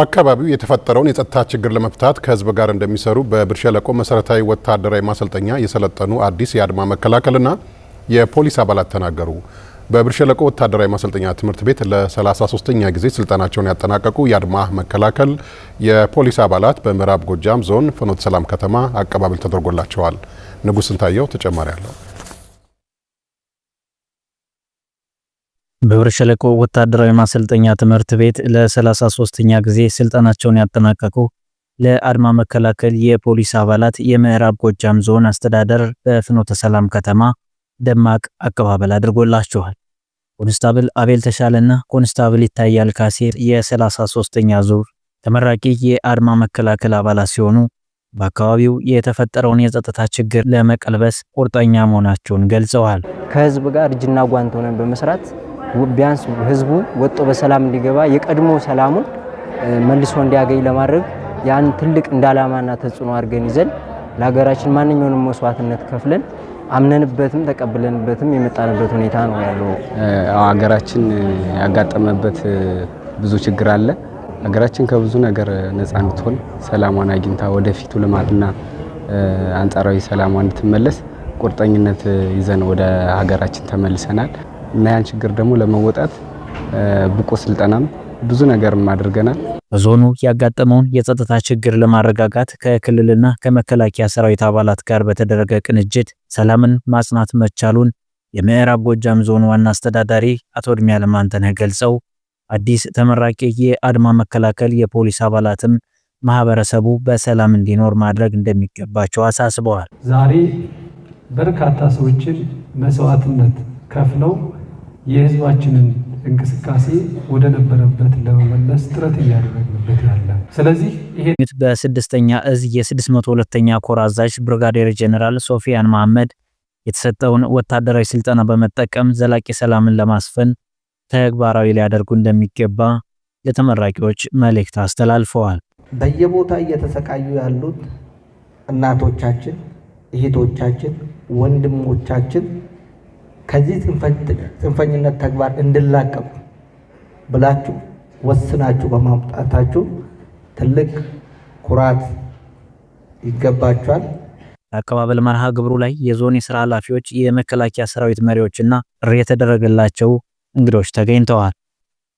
በአካባቢው የተፈጠረውን የጸጥታ ችግር ለመፍታት ከህዝብ ጋር እንደሚሰሩ በብር ሸለቆ መሰረታዊ ወታደራዊ ማሰልጠኛ የሰለጠኑ አዲስ የአድማ መከላከልና የፖሊስ አባላት ተናገሩ። በብር ሸለቆ ወታደራዊ ማሰልጠኛ ትምህርት ቤት ለ33ኛ ጊዜ ስልጠናቸውን ያጠናቀቁ የአድማ መከላከል የፖሊስ አባላት በምዕራብ ጎጃም ዞን ፍኖተ ሰላም ከተማ አቀባበል ተደርጎላቸዋል። ንጉስ ስንታየው ተጨማሪ አለው። በብር ሸለቆ ወታደራዊ ማሰልጠኛ ትምህርት ቤት ለ33ኛ ጊዜ ስልጠናቸውን ያጠናቀቁ ለአድማ መከላከል የፖሊስ አባላት የምዕራብ ጎጃም ዞን አስተዳደር በፍኖተ ሰላም ከተማ ደማቅ አቀባበል አድርጎላቸዋል። ኮንስታብል አቤል ተሻለና ኮንስታብል ይታያል ካሴር የ33ኛ ዙር ተመራቂ የአድማ መከላከል አባላት ሲሆኑ በአካባቢው የተፈጠረውን የጸጥታ ችግር ለመቀልበስ ቁርጠኛ መሆናቸውን ገልጸዋል። ከህዝብ ጋር እጅና ጓንት ሆነን በመስራት ቢያንስ ህዝቡ ወጦ በሰላም እንዲገባ የቀድሞ ሰላሙን መልሶ እንዲያገኝ ለማድረግ ያን ትልቅ እንደ አላማና ተጽዕኖ አድርገን ይዘን ለሀገራችን ማንኛውንም መስዋዕትነት ከፍለን አምነንበትም ተቀብለንበትም የመጣንበት ሁኔታ ነው ያለው። ሀገራችን ያጋጠመበት ብዙ ችግር አለ። ሀገራችን ከብዙ ነገር ነፃ እንድትሆን ሰላሟን አግኝታ ወደፊቱ ልማትና አንጻራዊ ሰላሟ እንድትመለስ ቁርጠኝነት ይዘን ወደ ሀገራችን ተመልሰናል። እና ያን ችግር ደግሞ ለመወጣት ብቁ ስልጠናም ብዙ ነገርም አድርገናል። በዞኑ ያጋጠመውን የጸጥታ ችግር ለማረጋጋት ከክልልና ከመከላከያ ሰራዊት አባላት ጋር በተደረገ ቅንጅት ሰላምን ማጽናት መቻሉን የምዕራብ ጎጃም ዞን ዋና አስተዳዳሪ አቶ እድሜ አለማንተነህ ገልጸው አዲስ ተመራቂ የአድማ መከላከል የፖሊስ አባላትም ማህበረሰቡ በሰላም እንዲኖር ማድረግ እንደሚገባቸው አሳስበዋል። ዛሬ በርካታ ሰዎችን መስዋዕትነት ከፍለው የህዝባችንን እንቅስቃሴ ወደ ነበረበት ለመመለስ ጥረት እያደረግንበት ያለ። ስለዚህ ይሄ በስድስተኛ እዝ የ602ኛ ኮር አዛዥ ብርጋዴር ጀኔራል ሶፊያን መሐመድ የተሰጠውን ወታደራዊ ስልጠና በመጠቀም ዘላቂ ሰላምን ለማስፈን ተግባራዊ ሊያደርጉ እንደሚገባ ለተመራቂዎች መልእክት አስተላልፈዋል። በየቦታ እየተሰቃዩ ያሉት እናቶቻችን፣ እህቶቻችን፣ ወንድሞቻችን ከዚህ ጽንፈኝነት ተግባር እንድላቀም ብላችሁ ወስናችሁ በማምጣታችሁ ትልቅ ኩራት ይገባችኋል። አቀባበል መርሃ ግብሩ ላይ የዞን የስራ ኃላፊዎች፣ የመከላከያ ሰራዊት መሪዎችና ጥሪ የተደረገላቸው እንግዶች ተገኝተዋል።